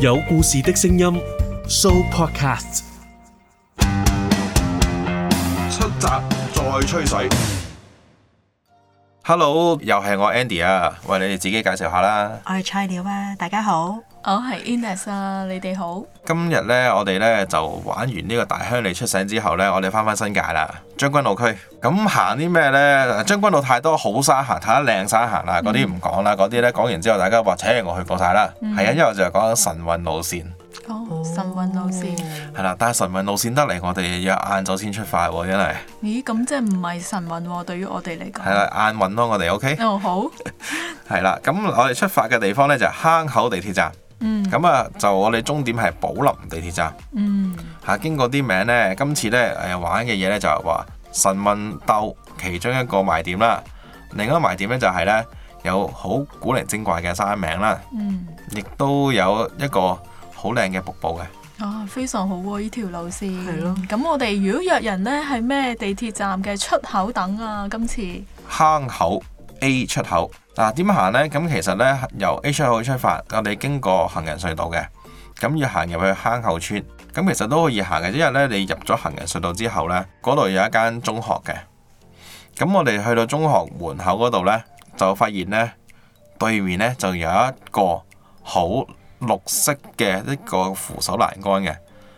有故事的聲音，Show Podcast 出閘再吹水。Hello，又係我 Andy 啊！喂，你哋自己介紹一下啦。我係 h 鳥啊，大家好。我係 Ines 啊，你哋好。今日呢，我哋呢就玩完呢個大香里出醒之後呢，我哋翻返新界啦，將軍澳區。咁行啲咩呢？將軍澳太多好山行，太多靚山行啦，嗰啲唔講啦，嗰、嗯、啲呢講完之後，大家話，切，我去過晒啦。係、嗯、啊，因為我就講神韻路線。哦，晨運路綫係啦、哦，但係晨運路綫得嚟，我哋要晏晝先出發喎，因為咦，咁即係唔係晨運對於我哋嚟講係啦，晏運咯，我哋 O K。OK? 哦，好。係 啦，咁我哋出發嘅地方咧就係坑口地鐵站。嗯。咁啊，就我哋終點係寶林地鐵站。嗯。吓、啊，經過啲名咧，今次咧誒、呃、玩嘅嘢咧就係話晨運斗其中一個賣點啦，另一個賣點咧就係咧有好古靈精怪嘅山名啦。嗯。亦都有一個，好靚嘅瀑布嘅，啊，非常好喎，啊！呢條路線，係咯。咁我哋如果約人呢，係咩地鐵站嘅出口等啊？今次坑口 A 出口，嗱，啊，點行呢？咁其實呢，由 A 出口出發，我哋經過行人隧道嘅，咁要行入去坑口村，咁其實都可以行嘅，因為呢，你入咗行人隧道之後呢，嗰度有一間中學嘅，咁我哋去到中學門口嗰度呢，就發現呢，對面呢，就有一個好。綠色嘅一、這個扶手欄杆嘅，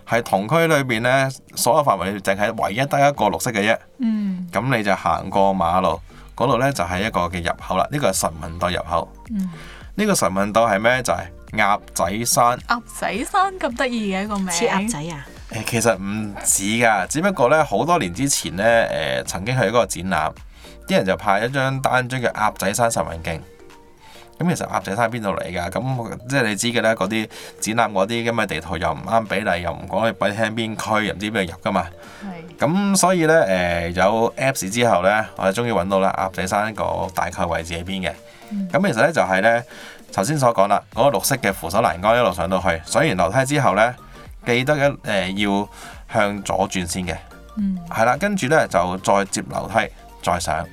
係同區裏邊呢所有範圍裏面淨係唯一得一個綠色嘅啫。嗯，咁你就行過馬路嗰度呢，就係一個嘅入口啦。呢、這個係神韻道入口。呢、嗯，這個神韻道係咩？就係、是、鴨仔山。鴨仔山咁得意嘅一個名？似鴨仔啊？其實唔似㗎，只不過呢，好多年之前呢，誒、呃、曾經係一個展覽，啲人就派一張單張叫《鴨仔山神韻徑》。咁其實鴨仔山邊度嚟㗎？咁即係你知嘅咧，嗰啲展覽嗰啲咁嘅地圖又唔啱比例，又唔講畀你聽喺邊區，又唔知邊度入㗎嘛。咁所以呢，誒、呃、有 Apps 之後呢，我哋終於揾到啦鴨仔山一個大概位置喺邊嘅。咁、嗯、其實呢，就係、是、呢頭先所講啦，嗰、那個綠色嘅扶手欄杆一路上到去，上完樓梯之後呢，記得一誒、呃、要向左轉先嘅。嗯，係啦，跟住呢，就再接樓梯再上。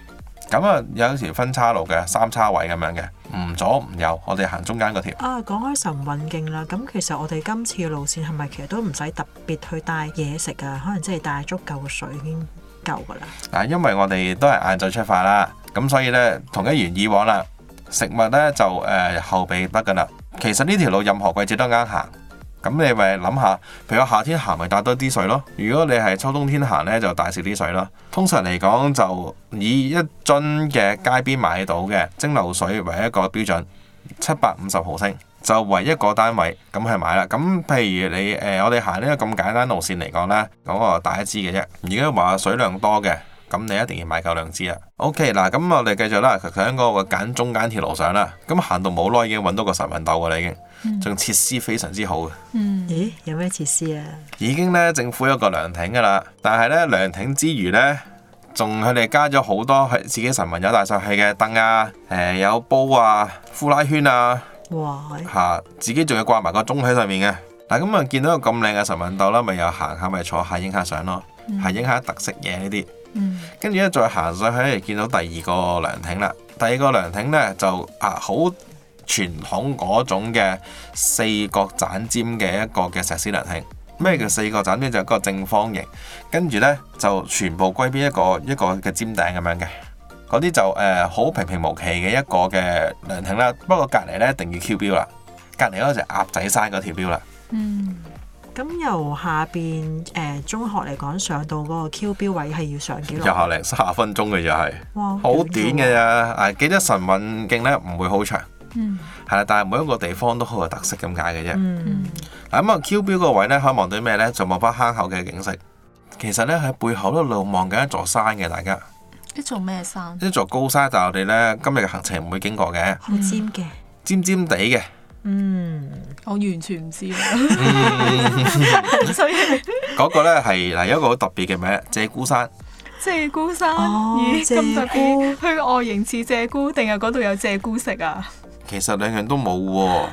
咁啊，有時分叉路嘅三叉位咁樣嘅。唔左唔右，我哋行中間嗰條。啊，講開神韻徑啦，咁其實我哋今次嘅路線係咪其實都唔使特別去帶嘢食噶？啊，可能即係帶足夠水已經夠噶啦。嗱、啊，因為我哋都係晏晝出發啦，咁所以呢，同一如以往啦，食物呢就誒、呃、後備得噶啦。其實呢條路任何季節都啱行。咁你咪諗下，譬如夏天行咪帶多啲水咯。如果你係秋冬天行呢，就大少啲水囉。通常嚟講就以一樽嘅街邊買到嘅蒸餾水為一個標準，七百五十毫升就為一個單位咁去買啦。咁譬如你、呃、我哋行呢個咁簡單路線嚟講呢，咁我就大一支嘅啫。而家話水量多嘅。咁你一定要買夠兩支啊 OK 嗱，咁我哋繼續啦。喺嗰個揀中間鐵路上啦，咁行到冇耐已經揾到個神文鬥過嚟，已經仲、嗯、設施非常之好。嗯，咦、欸？有咩設施啊？已經呢政府有一個涼亭噶啦，但係呢涼亭之餘呢，仲佢哋加咗好多係自己神文有大曬氣嘅凳啊，誒有煲啊、呼啦圈啊，哇嚇！自己仲要掛埋個鐘喺上面嘅嗱。咁啊，見到個咁靚嘅神文鬥啦，咪又行下，咪坐下影下相咯，係影下特色嘢呢啲。嗯，跟住咧再行上去咧，見到第二個涼亭啦。第二個涼亭咧就啊好傳統嗰種嘅四角斬尖嘅一個嘅石屎涼亭。咩叫四角斬尖？就是、一個正方形，跟住咧就全部歸邊一個一個嘅尖頂咁樣嘅。嗰啲就誒好、啊、平平無奇嘅一個嘅涼亭啦。不過隔籬咧一定要 Q 標啦，隔籬嗰隻就鴨仔山嗰條標啦。嗯。咁由下邊誒、呃、中學嚟講上到嗰個 Q 標位係要上幾耐？廿零卅分鐘嘅就係，好短嘅啫。誒、啊，記得神韻徑咧唔會好長。嗯，係啦，但係每一個地方都好有特色咁解嘅啫。嗯，嗱咁啊 Q 標個位咧可以望到咩咧？就望翻坑口嘅景色。其實咧喺背後一路望緊一座山嘅，大家。一座咩山？一座高山，但係我哋咧今日嘅行程唔會經過嘅。好尖嘅，尖尖地嘅。尖尖嗯，我完全唔知道。 所以嗰 個咧係嗱一個好特別嘅名，鷓鴣山。鷓鴣山、哦、咦，咁特別，佢外形似鷓鴣，定係嗰度有鷓鴣食啊？其實兩樣都冇，哦，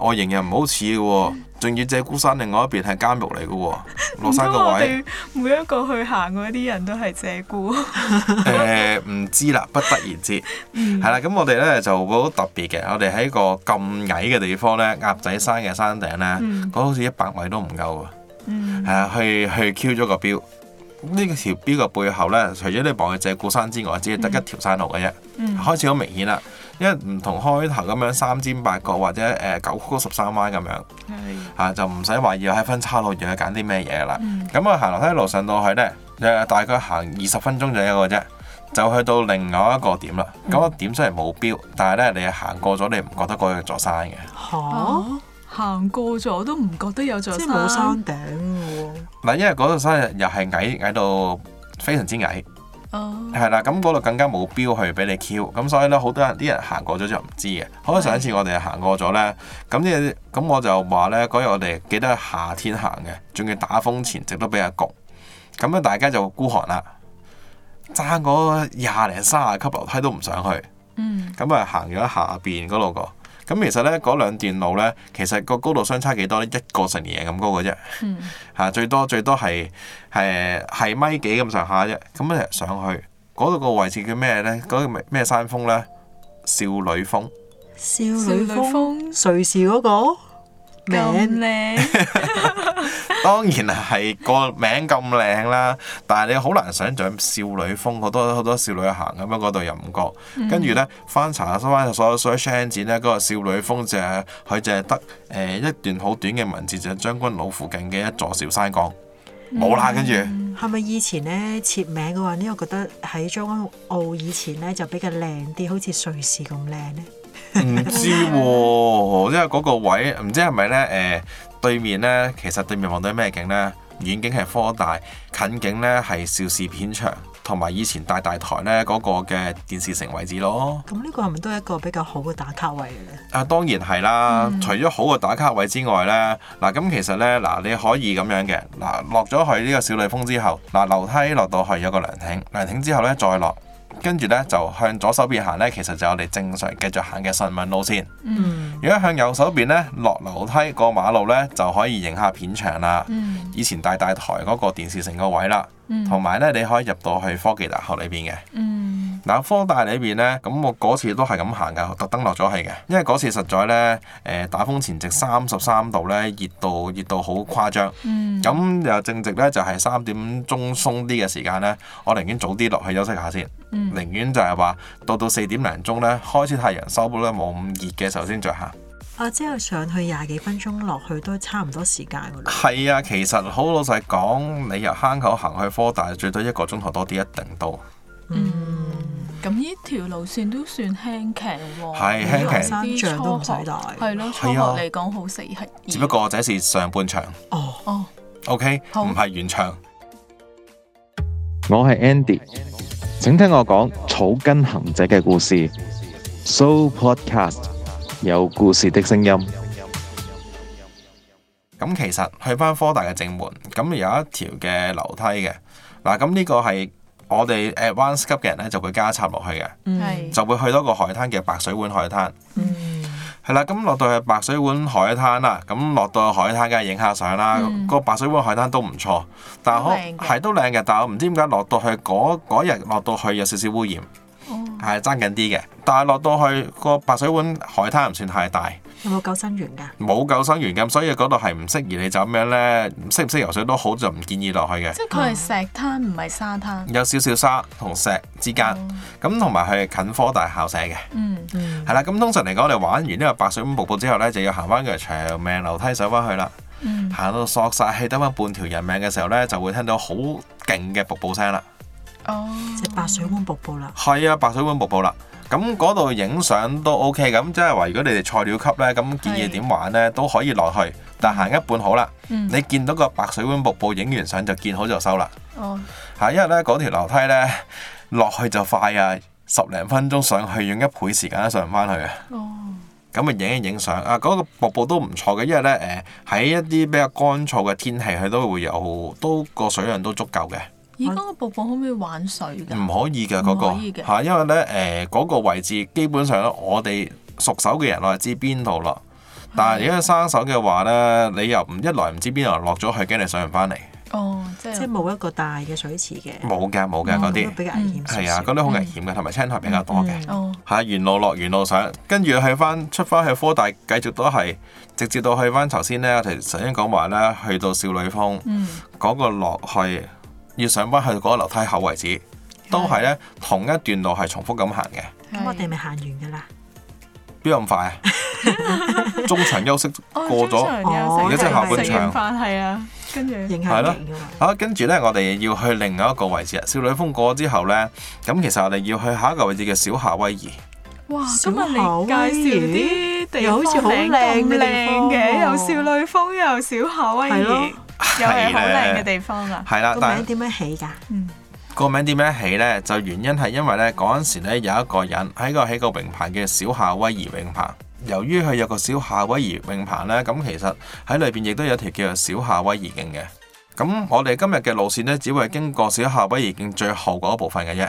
外形又唔好似嘅，哦，仲要鷓鴣山另外一邊係監獄嚟嘅，落山個位。每一個去行嗰啲人都係鷓鴣。誒、 呃，唔知啦，不得而知。係、嗯、啦，咁我哋咧就好特別嘅，我哋喺個咁矮嘅地方咧，鴨仔山嘅山頂咧，嗰、嗯那個，好似一百米都唔夠啊。係、嗯、啊，去去 Q 咗個標，呢個條標嘅背後咧，除咗你望住鷓鴣山之外，只係得一條山路嘅啫，嗯嗯，開始好明顯啦。因為唔同開頭咁樣三尖八角或者誒九曲十三彎咁樣，嚇、啊、就唔使話要喺分叉路要去揀啲咩嘢啦。咁啊行樓梯一路上到去咧，誒大概行二十分鐘左右個啫，就去到另外一個點啦。咁、那個點雖然冇標，嗯、但係咧你行過咗你唔覺得嗰度座山嘅？嚇，行過咗都唔覺得有座山，即冇山頂喎。嗱，因為嗰座山又係矮矮到非常之矮。係啦，咁嗰度更加冇標去俾你 Q，咁所以呢，好多人啲人行過咗就唔知嘅。好啦，上一次我哋行過咗 呢。咁呢，係咁我就話呢，嗰日我哋記得夏天行嘅，仲要打風前，值都俾人焗，咁樣大家就孤寒啦，爭嗰廿零三十級樓梯都唔上去，嗯，咁 啊樂行咗下邊嗰度個。咁其實咧，嗰兩段路咧，其實個高度相差幾多咧？一個成年人咁高嘅啫，嗯啊，最多最多係誒係米幾咁上下啫。咁、嗯、咧上去嗰度，嗰個位置叫咩咧？嗰、個咩山峰咧？少女峰？少女峯，瑞士嗰個。咁靚， 當然係個名咁靚啦。但係你好難想像，少女峯好多好多少女行咁樣，嗰度又唔覺。跟住呢，翻查翻所有所有相片咧，嗰、那個少女峯就係、是、佢就係得誒、欸、一段好短嘅文字，就係、是、將軍澳附近嘅一座小山崗，冇啦。跟住係咪以前呢？設名嘅話呢，我覺得喺將軍澳以前呢，就比較靚啲，好似瑞士咁靚咧？唔 知喎道、啊， 因為嗰個位唔知係咪呢？誒、呃、對面呢，其實對面望到咩景呢？遠景係科大，近景呢係邵氏片場同埋以前大大台呢嗰個嘅電視城位置咯。咁呢個係咪都係一個比較好嘅打卡位咧？啊，當然係啦！嗯、除咗好嘅打卡位之外呢。嗱、啊、咁其實呢，嗱、啊，你可以咁樣嘅嗱落咗去呢個小女峯之後，嗱、啊、樓梯落到去有個涼亭，涼亭之後呢再落。跟住咧就向左手邊行咧，其實就係我哋正常繼續行嘅順民路線、嗯。如果向右手邊咧，落樓梯過馬路咧，就可以影下片場啦、嗯。以前大大台嗰個電視城個位啦。同埋咧，你可以入到去科技大學裏邊嘅。嗱、嗯，科大裏邊咧，咁我嗰次都係咁行噶，特登落咗去嘅。因為嗰次實在咧，誒打風前夕三十三度咧，熱度熱到好誇張。咁、嗯、又正值咧，就係、是、三點鐘鬆啲嘅時間咧，我寧願早啲落去休息下先，寧願就係話到到四點零鐘咧，開始太陽收波咧，冇咁熱嘅時候先再行。啊，即係上去廿幾分鐘，落去都差唔多時間噶啦。係啊，其實好老實講，你由坑口行去科大，最多一個鐘頭多啲，一定到。嗯，咁呢條路綫都算輕騎喎，係輕騎三初都唔使帶，係咯，初學嚟講好適合。只不過這是上半場。哦哦。O K，唔係完場。我係 Andy，請聽我講《草根行者》嘅故事。So Podcast。有故事的聲音。咁其實去翻科大嘅正門，咁有一條嘅樓梯嘅。嗱，咁呢個係我哋 Advanced 級嘅人咧，就會加插落去嘅、mm.。就會去到個海灘嘅白水灣海灘。嗯。係啦，咁落到去白水灣海灘啦，咁落到去海灘梗係影下相啦。嗯、mm.。個白水灣海灘都唔錯，但係係都靚嘅，但係我唔知點解落到去嗰日落到去有少少污染。係爭緊啲嘅，但係落到去個白水碗海灘唔算太大。有冇救生員㗎？冇救生員咁，所以嗰度係唔適宜你就咁樣咧，識唔識游水都好，就唔建議落去嘅。即係佢係石灘，唔、嗯、係沙灘。有少少沙同石之間，咁同埋係近科大校舍嘅。嗯嗯。係啦，咁通常嚟講，我哋玩完呢個白水碗瀑布之後咧，就要行翻佢長命樓梯上翻去啦。行、嗯嗯、到索晒氣得翻半條人命嘅時候咧，就會聽到好勁嘅瀑布聲啦。哦，即白水灣瀑布啦，係啊，白水灣瀑布啦。咁嗰度影相都 OK，咁即係話，如果你哋菜鳥級呢，咁建議點玩呢？都可以落去，但行一半好啦。Mm. 你見到個白水灣瀑布影完相就見好就收啦。哦，吓，因為咧嗰條樓梯呢，落去就快啊，十零分鐘上去，用一倍時間上返去啊。哦、oh.，咁啊影一影相啊，嗰個瀑布都唔錯嘅，因為呢，誒喺一啲比較乾燥嘅天氣，佢都會有都個水量都足夠嘅。而嗰個瀑布可唔可以玩水㗎？唔可以㗎嗰、那個，嚇，因為咧誒嗰個位置基本上咧，我哋熟手嘅人我係知邊度啦。但係如果生手嘅話咧，你又唔一來唔知邊度落咗去，驚你上唔翻嚟。哦，即係冇一個大嘅水池嘅。冇、哦、㗎，冇㗎嗰啲。的的哦哦、比較危險。係、嗯、啊，嗰啲好危險嘅，同、嗯、埋青苔比較多嘅。哦、嗯。係、嗯、沿路落，沿路上，跟住去翻出翻去，去科大，繼續都係直接到去翻。頭先咧，我哋頭先講話咧，去到少女峰，嗰、嗯那個落去。要上班去嗰個樓梯口位置，都係咧同一段路係重複咁行嘅。咁我哋咪行完噶啦？邊有咁快啊、 哦？中場休息過咗，而家即係下半場。係、嗯、啊，跟住影係咯。好，跟住咧，我哋要去另外一個位置。少女峯過咗之後咧，咁其實我哋要去下一個位置叫小夏威夷。哇！今日嚟介紹啲地又好似好靚靚嘅，又少女峯，又小夏威夷，又係好靚嘅地方啊！係啦，個名點樣起噶？嗯，個名點樣起呢？就原因係因為呢嗰陣時咧有一個人喺個起個泳棚嘅小夏威夷泳棚，由於佢有個小夏威夷泳棚呢，咁其實喺裏邊亦都有條叫做小夏威夷徑嘅。咁我哋今日嘅路線呢，只會經過小夏威夷徑最後嗰部分嘅啫。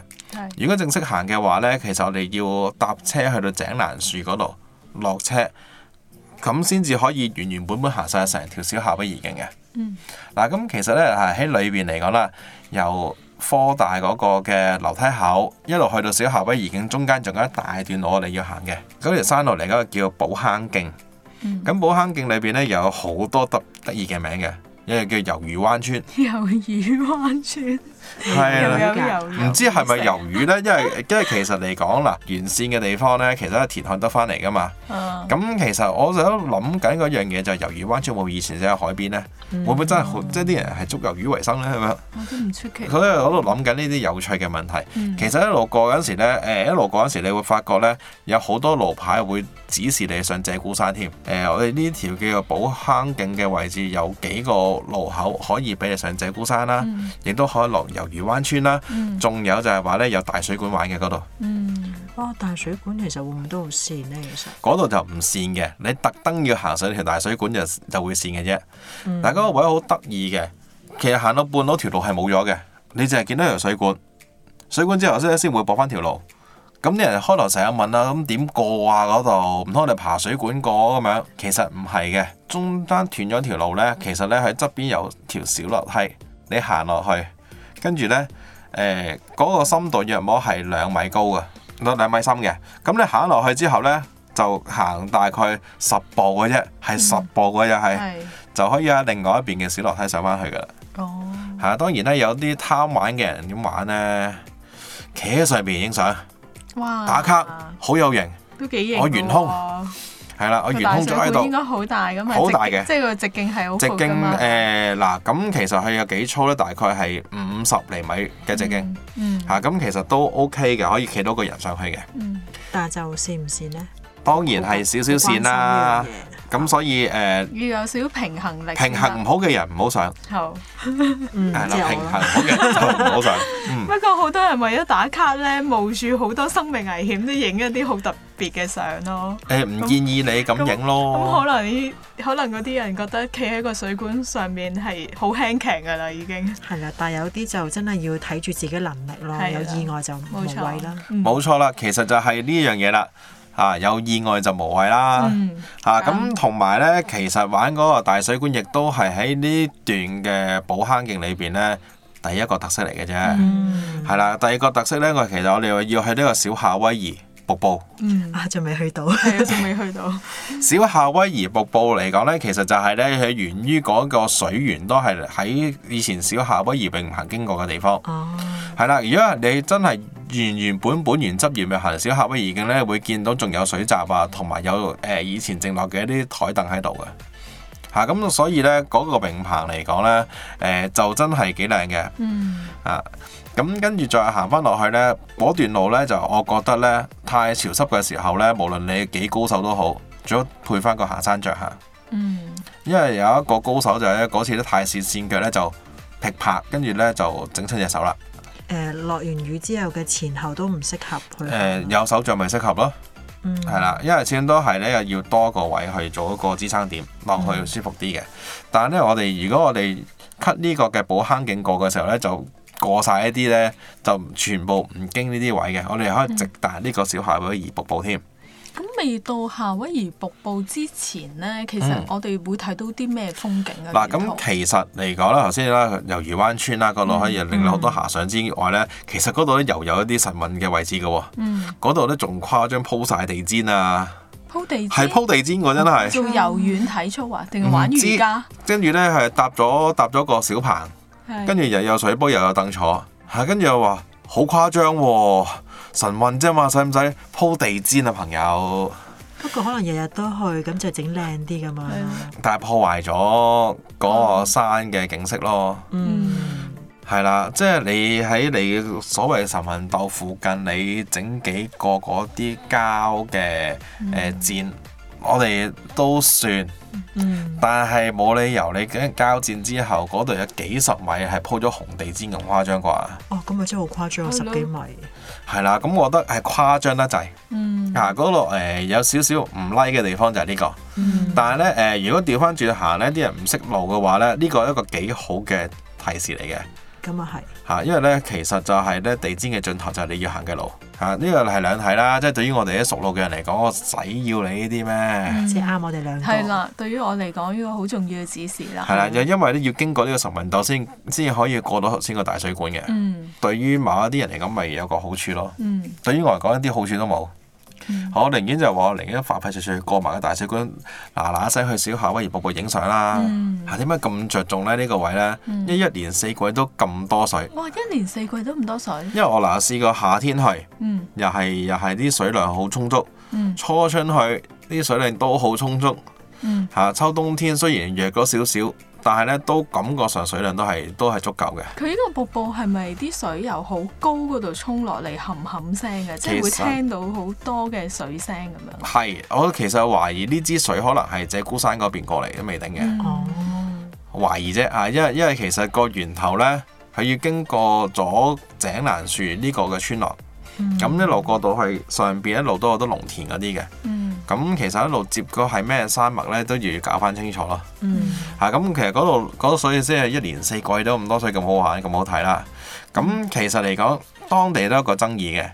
如果正式行嘅話呢，其實我哋要搭車去到井欄樹嗰度落車。咁先至可以原原本本行晒成條小夏威夷徑嘅。嗱，咁其實咧係喺裏邊嚟講啦，由科大嗰個嘅樓梯口一路去到小夏威夷徑中間，仲有一大段路我哋要行嘅。咁條山路嚟嗰個叫寶坑徑。咁、嗯、寶坑徑裏邊咧有好多得得意嘅名嘅，一個叫魷魚灣村。魷魚灣村。係啊，唔知係咪魷魚呢？因為因為其實嚟講嗱，完善嘅地方呢，其實係填海得翻嚟噶嘛。咁其實我是想就喺度諗緊嗰樣嘢，就係魷魚灣全部以前就喺海邊呢，會唔會真係即係啲人係捉魷魚為生呢？係咪？啲唔出奇。所以我喺度諗緊呢啲有趣嘅問題。Mm. 其實一路過嗰陣時咧，誒一路過嗰陣時，你會發覺呢，有好多路牌會指示你上鷓鴣山添。誒，我哋呢條叫做寶坑徑嘅位置有幾個路口可以俾你上鷓鴣山啦，mm. 亦都可以落。由魚灣村啦，仲有就係話咧有大水管玩嘅嗰度。嗯，哇、哦！大水管其實會唔會都好跣呢？其實嗰度就唔跣嘅，你特登要行上條大水管就就會跣嘅啫。但係嗰個位好得意嘅，其實行到半路條路係冇咗嘅，你淨係見到條水管。水管之後咧先會駁翻條路。咁啲人開頭成日問啦，咁點過啊？嗰度唔通我哋爬水管過咁樣？其實唔係嘅，中間斷咗條路咧。其實咧喺側邊有條小落梯，你行落去。跟住呢，誒、呃、嗰、那個深度約摸係兩米高嘅，兩米深嘅。咁你行落去之後呢，就行大概十步嘅啫，係十步嘅就係，就可以喺另外一邊嘅小樓梯上翻去噶啦。哦，嚇、啊！當然咧，有啲貪玩嘅人點玩呢？企喺上邊影相，哇！打卡好有型，都幾型，我懸空。哦係啦，我圓通咗喺度。應該好大噶嘛。好大嘅，即係個直徑係好。直徑誒嗱，咁、呃、其實佢有幾粗咧？大概係五十厘米嘅直徑。嗯。嚇、嗯，咁、啊、其實都 OK 嘅，可以企多個人上去嘅。嗯。但係就線唔線咧？當然係少少線啦。咁所以誒、呃、要有少少平衡力。平衡唔好嘅人唔好上。好，誒、嗯 嗯、平衡唔好嘅就唔好上。不過好多人為咗打卡咧，冒住好多生命危險都影一啲好特別嘅相咯。誒，唔建議你咁影咯。咁可能，可能嗰啲人覺得企喺個水管上面係好輕騎噶啦已經。係啦，但係有啲就真係要睇住自己的能力咯係，有意外就冇錯啦。冇、嗯、錯啦，其實就係呢樣嘢啦。啊！有意外就無謂啦。嗯、啊咁，同埋呢，其實玩嗰個大水管亦都係喺呢段嘅保坑徑裏面呢，第一個特色嚟嘅啫。係、嗯、啦，第二個特色呢，我其實我哋要去呢個小夏威夷。瀑布，嗯啊，仲未去到，仲未去到。小夏威夷瀑布嚟講呢，其實就係呢，佢源於嗰個水源都係喺以前小夏威夷泳棚經過嘅地方，係、哦、啦。如果你真係原原本本原汁原味行小夏威夷嘅呢，會見到仲有水閘啊，同埋有誒、呃、以前剩落嘅一啲台凳喺度嘅。吓、啊、咁，所以呢，嗰、那個泳棚嚟講呢，誒、呃，就真係幾靚嘅，嗯啊。咁、嗯、跟住再行翻落去呢，嗰段路呢，就我覺得呢，太潮濕嘅時候呢，無論你幾高手都好，最好配翻個行山杖。下嗯。因為有一個高手就係嗰次都太跣跣腳呢，就劈拍，跟住呢，就整親隻手啦。落、呃、完雨之後嘅前後都唔適合配、呃。有手杖咪適合咯。嗯。係啦，因為始終都係呢要多個位去做一個支撐點落去舒服啲嘅、嗯。但呢，我哋如果我哋 cut 呢個嘅寶坑徑過嘅時候呢，就。過晒一啲咧，就全部唔經呢啲位嘅，我哋可以直達呢個小夏威夷瀑布添。咁、嗯、未到夏威夷瀑布之前咧、嗯，其實我哋會睇到啲咩風景啊？嗱、啊，咁其實嚟講啦，頭先啦，魷魚灣村啦、啊，個路可以令到好多遐想之外咧、嗯，其實嗰度咧又有一啲神韻嘅位置嘅、哦。嗯，嗰度咧仲誇張鋪晒地氈啊！鋪地氈係鋪地氈，我真係叫柔軟體操啊，定、嗯、玩瑜伽？跟住咧係搭咗搭咗個小棚。跟住又有水煲，又有凳坐吓，跟住又話好誇張喎，神運啫嘛，使唔使鋪地氈啊，朋友？不過可能日日都去，咁就整靚啲㗎嘛。的但係破壞咗嗰個山嘅景色咯。嗯，係啦，即係你喺你所謂神運道附近，你整幾個嗰啲膠嘅誒墊，嗯、我哋都算。嗯嗯、但係冇理由，你跟交戰之後，嗰度有幾十米係鋪咗紅地氈咁誇張啩？哦，咁咪真係好誇張，十幾米。係啦，咁我覺得係誇張得滯。嗯。啊，嗰度誒有少少唔 like 嘅地方就係呢個。嗯、但係咧誒，如果調翻轉行咧，啲人唔識路嘅話咧，呢個係一個幾好嘅提示嚟嘅。咁啊係。嚇，因為咧其實就係咧地氈嘅盡頭就係你要行嘅路嚇，呢個係兩體啦。即係對於我哋啲熟路嘅人嚟講，我使要你呢啲咩？正、嗯、啱我哋兩個。係啦，對於我嚟講呢個好重要嘅指示啦。係啦，就因為咧要經過呢個石門道先先至可以過到頭先個大水管嘅。嗯。對於某一啲人嚟講，咪有個好處咯。嗯。對於我嚟講，一啲好處都冇。嗯、寧我寧願就話，寧願化費碎碎過埋個大水管，嗱嗱聲去小夏威夷瀑布影相啦。嚇，點解咁着重咧呢、呢個位咧？一、嗯、一年四季都咁多水。哇、哦！一年四季都咁多水。因為我嗱試過夏天去，嗯、又係又係啲水量好充足、嗯。初春去啲水量都好充足。嚇、嗯啊、秋冬天雖然弱咗少少。但係咧，都感覺上水量都係都係足夠嘅。佢呢個瀑布係咪啲水由好高嗰度衝落嚟冚冚聲嘅？即係會聽到好多嘅水聲咁樣？係，我其實懷疑呢支水可能係井孤山嗰邊過嚟都未定嘅。哦、嗯，懷疑啫啊，因為因為其實個源頭咧係要經過咗井欄樹呢個嘅村落。嗯咁、mm -hmm. 一路過到去上邊，一路都有好多農田嗰啲嘅。咁、mm -hmm. 其實一路接嗰係咩山脈咧？都要搞翻清楚咯。咁、mm -hmm. 其實嗰度嗰啲水先係一年四季都咁多水，咁好玩，咁好睇啦。咁其實嚟講，mm -hmm. 當地都有個爭議嘅，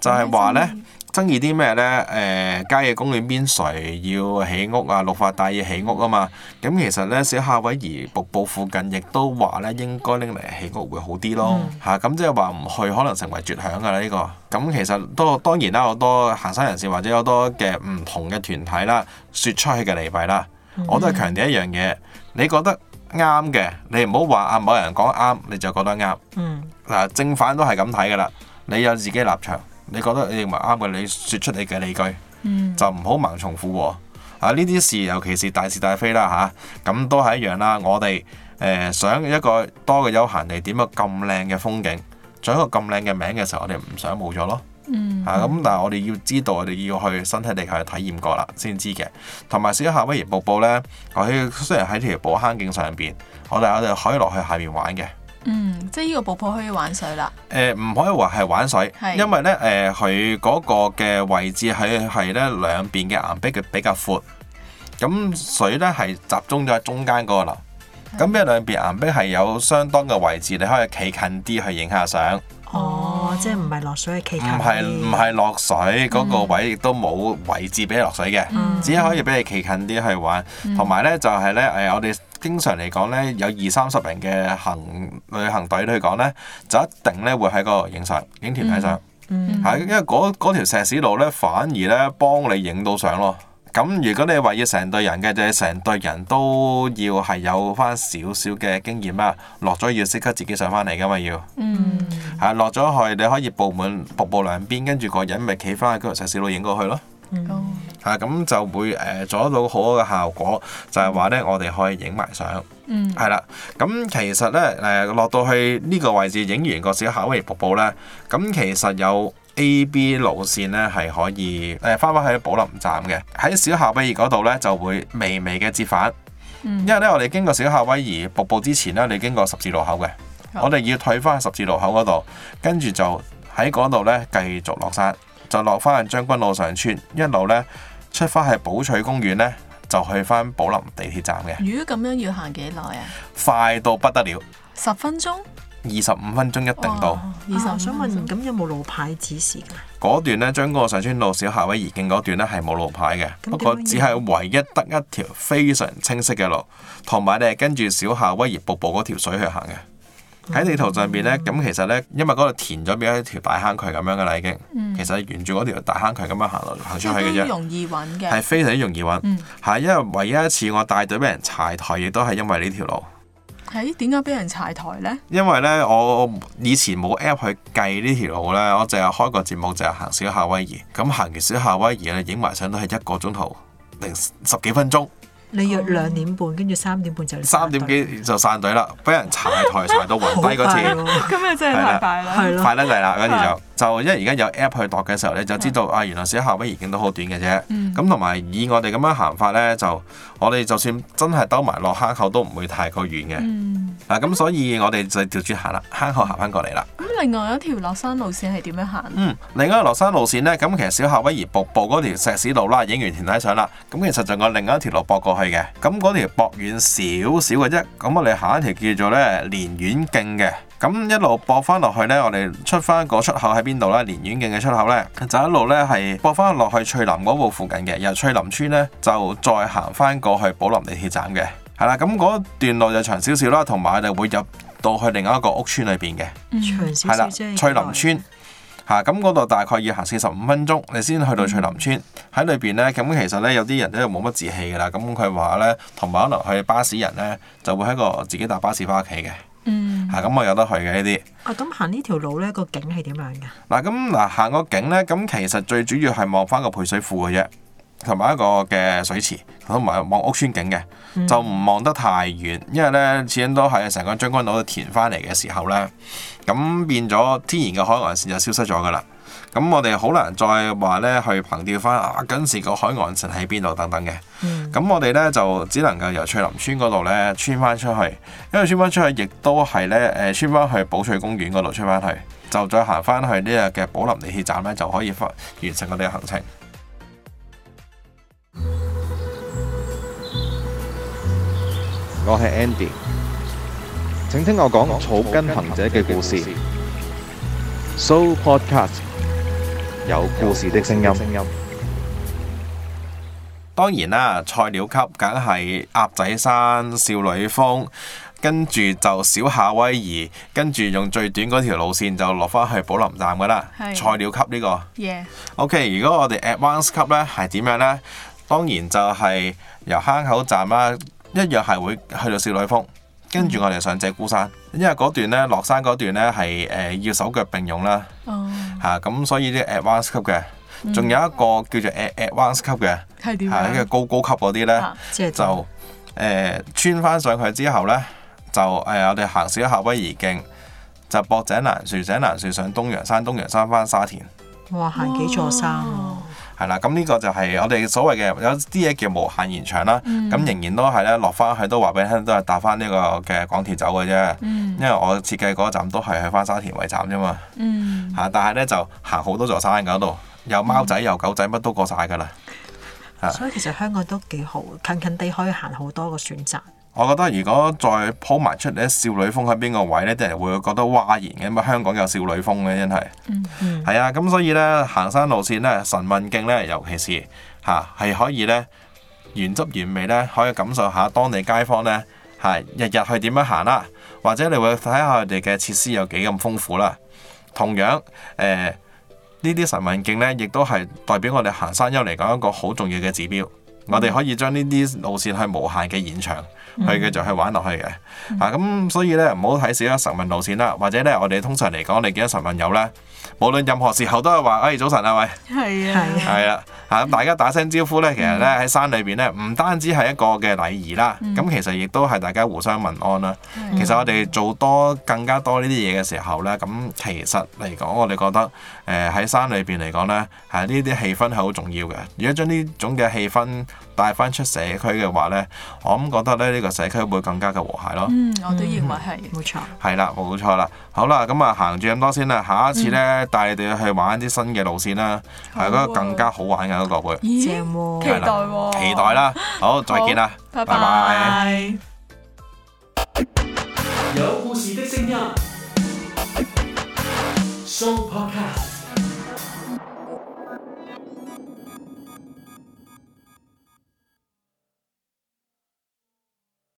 就係話咧。爭議啲咩呢？誒、呃，郊野公園邊誰要起屋啊？綠化帶要起屋啊嘛？咁其實呢，小夏威夷瀑布附近亦都話咧，應該拎嚟起屋會好啲咯。嚇、嗯，咁即係話唔去，可能成為絕響噶啦呢個。咁、嗯、其實都當然啦，好多行山人士或者好多嘅唔同嘅團體啦，説出去嘅利弊啦、嗯，我都係強調一樣嘢，你覺得啱嘅，你唔好話啊某人講啱，你就覺得啱。嗱、嗯啊，正反都係咁睇噶啦，你有自己立場。你覺得你認為啱嘅，你説出你嘅理據，嗯、就唔好盲從附和。哦。啊，呢啲事尤其是大是大非啦嚇，咁、啊、都係一樣啦。我哋誒、呃、想一個多嘅休閒地點，個咁靚嘅風景，仲有一個咁靚嘅名嘅時候，我哋唔想冇咗咯。嚇、嗯、咁、啊，但係我哋要知道，我哋要去身體力行去體驗過啦，先知嘅。同埋小夏威夷瀑布呢，我哋雖然喺條寶坑徑上邊，我哋我哋可以落去下面玩嘅。嗯，即係呢個瀑布可以玩水啦。誒、呃，唔可以話係玩水，係因為咧，誒、呃，佢嗰個嘅位置係係咧兩邊嘅岩壁佢比較闊，咁水咧係集中咗喺中間嗰個流。咁呢兩邊岩壁係有相當嘅位置，你可以企近啲去影下相。哦。哦、即係唔係落水嘅企近的，唔係唔係落水嗰個位，亦都冇位置俾你落水嘅，嗯，只可以俾你企近啲去玩。同埋咧，就係、是、咧，誒、呃，我哋經常嚟講咧，有二三十人嘅行旅行隊去講咧，就一定咧會喺個影相，影團體相。係、嗯嗯、因為嗰嗰條石屎路咧，反而咧幫你影到相咯。咁如果你係話要成對人嘅，就係成隊人都要係有翻少少嘅經驗啦。落咗要即刻自己上翻嚟噶嘛要。嗯。係、啊、落咗去，你可以步滿瀑布兩邊，跟住個人咪企翻去，嗰個細小路影過去咯。哦、嗯。咁、啊、就會誒、呃、做得到好好嘅效果，就係話咧，我哋可以影埋相。嗯。係啦，咁其實咧誒、呃、落到去呢個位置影完個小夏威夷瀑布咧，咁其實有。A、B 路線咧，係可以誒翻返去寶林站嘅。喺小夏威夷嗰度咧就會微微嘅折返、嗯，因為咧我哋經過小夏威夷瀑布之前咧，你經過十字路口嘅，我哋要退翻十字路口嗰度，跟住就喺嗰度咧繼續落山，就落翻將軍路上村，一路咧出翻去寶翠公園咧就去翻寶林地鐵站嘅。如果咁樣要行幾耐啊？快到不得了，十分鐘。二十五分鐘一定到。二十，我、啊、想問，咁有冇路牌指示？嗰段咧，將個上川路小夏威夷徑嗰段咧，係冇路牌嘅。不過只係唯一得一條非常清晰嘅路，同埋你係跟住小夏威夷瀑布嗰條水去行嘅。喺、嗯嗯、地圖上面咧，咁其實咧，因為嗰度填咗變咗一條大坑渠咁樣嘅啦已經、嗯。其實沿住嗰條大坑渠咁樣行落、嗯、行出去嘅啫，容易揾嘅。係非常之容易揾。係、嗯、因為唯一一次我帶隊俾人柴台，亦都係因為呢條路。誒，點解俾人踩台呢？因為呢，我以前冇 app 去計呢條路呢，我淨係開個節目淨係行小夏威夷，咁行完小夏威夷咧，影埋相都係一個鐘頭零十幾分鐘。你約兩點半，跟住三點半就三點幾就散隊啦，俾 人踩台踩到暈低嗰次，咁啊 真係太快啦，係啦，快得嚟啦，跟住就就因為而家有 app 去度嘅時候你就知道啊，原來小夏威夷見到好短嘅啫。咁同埋以我哋咁樣行法咧，就我哋就算真係兜埋落坑口都唔會太過遠嘅。嗱、嗯、咁，啊、所以我哋就調轉行啦，坑口行翻過嚟啦。咁另外一條落山路線係點樣行？嗯，另外一條落山路線咧，咁、嗯、其實小夏威夷瀑布嗰條石屎路啦，影完全景相啦，咁其實就按另外一條路駁過去。嘅，咁嗰條博遠少少嘅啫，咁我哋行一條叫做咧連遠徑嘅，咁一路博翻落去咧，我哋出翻個出口喺邊度咧？連遠徑嘅出口咧就一路咧係博翻落去翠林嗰部附近嘅，由翠林村咧就再行翻過去寶林地鐵站嘅，係啦，咁嗰段路就長少少啦，同埋我哋會入到去另一個屋村裏邊嘅、嗯，翠林村。嚇，咁嗰度大概要行四十五分鐘，你先去到翠林村喺裏邊咧。咁其實咧有啲人都冇乜志氣噶啦。咁佢話咧，同埋可能去巴士人咧，就會喺個自己搭巴士翻屋企嘅。嗯。嚇，咁我有得去嘅呢啲。啊，咁行呢條路咧，個景係點樣噶？嗱，咁嗱行嗰景咧，咁其實最主要係望翻個配水庫嘅啫。同埋一個嘅水池，同埋望屋村景嘅、嗯，就唔望得太遠，因為呢始終都係成個將軍澳都填翻嚟嘅時候呢，咁變咗天然嘅海岸線就消失咗噶啦。咁我哋好難再話呢去憑吊翻啊，今陣時嘅海岸線喺邊度等等嘅。咁、嗯、我哋呢就只能夠由翠林村嗰度呢穿返出去，因為穿返出去亦都係呢，誒穿返去寶翠公園嗰度穿返去，就再行返去呢個嘅寶林地鐵站呢，就可以翻完成我哋嘅行程。我係 Andy，請聽我講草根行者嘅故事。So podcast 有故事的聲音。當然啦，菜鳥級梗係鴨仔山少女峰，跟住就小夏威夷，跟住用最短嗰條路線就落返去寶林站噶啦。菜鳥級呢、這個。Yeah. O、okay, K，如果我哋 Advance 級呢，係點樣呢？當然就係由坑口站啦、啊。一樣係會去到少女峰，跟住我哋上借孤山、嗯，因為嗰段咧落山嗰段咧係誒要手腳並用啦，嚇、嗯、咁、啊、所以啲 advanced 級嘅，仲、嗯、有一個叫做 at advanced 級嘅，係點啊？高高級嗰啲咧就誒、呃、穿翻上去之後咧就誒、呃、我哋行小夏威夷徑，就駁井欄樹，井欄樹上東洋山，東洋山翻沙田，哇！行幾座山啊！係啦，咁呢個就係我哋所謂嘅有啲嘢叫無限延長啦。咁、嗯、仍然都係咧落翻去都話俾你聽，都係搭翻呢個嘅港鐵走嘅啫、嗯。因為我設計嗰站都係去翻沙田圍站啫嘛。嚇、嗯！但係咧就行好多座山嗰度，有貓仔有狗仔，乜都過晒㗎啦。所以其實香港都幾好，近近地可以行好多個選擇。我覺得，如果再鋪埋出嚟，少女風喺邊個位呢，啲人會覺得嘩然嘅。咁啊，香港有少女風嘅真係，係、嗯嗯、啊。咁所以呢，行山路線呢，晨運徑呢，尤其是嚇係、啊、可以呢，原汁原味呢，可以感受下當地街坊呢，嚇、啊、日日去點樣行啦、啊，或者你會睇下佢哋嘅設施有幾咁豐富啦。同樣誒，呢、呃、啲晨運徑呢，亦都係代表我哋行山友嚟講一個好重要嘅指標。嗯、我哋可以將呢啲路線係無限嘅延長。去繼續去玩落去嘅、嗯，啊咁所以咧，唔好睇少啦晨問路線啦，或者咧我哋通常嚟講，你見到晨問友咧，無論任何時候都係話，誒、哎、早晨啊，喂，係啊，係啦，嚇，咁大家打聲招呼咧、嗯，其實咧喺山裏邊咧，唔單止係一個嘅禮儀啦，咁、嗯、其實亦都係大家互相問安啦、嗯。其實我哋做多更加多呢啲嘢嘅時候咧，咁其實嚟講，我哋覺得誒喺、呃、山裏邊嚟講咧，係呢啲氣氛係好重要嘅。如果將呢種嘅氣氛帶翻出社區嘅話咧，我諗覺得咧，呢個社區會更加嘅和諧咯。嗯，我都認為係，冇、嗯、錯。係啦，冇錯啦。好啦，咁啊，行住咁多先啦。下一次咧，帶你哋去玩啲新嘅路線啦，係、嗯、嗰個更加好玩嘅一個會。正喎，期待喎，期待啦、啊。好，再見啦，拜拜。有故事的聲音！Super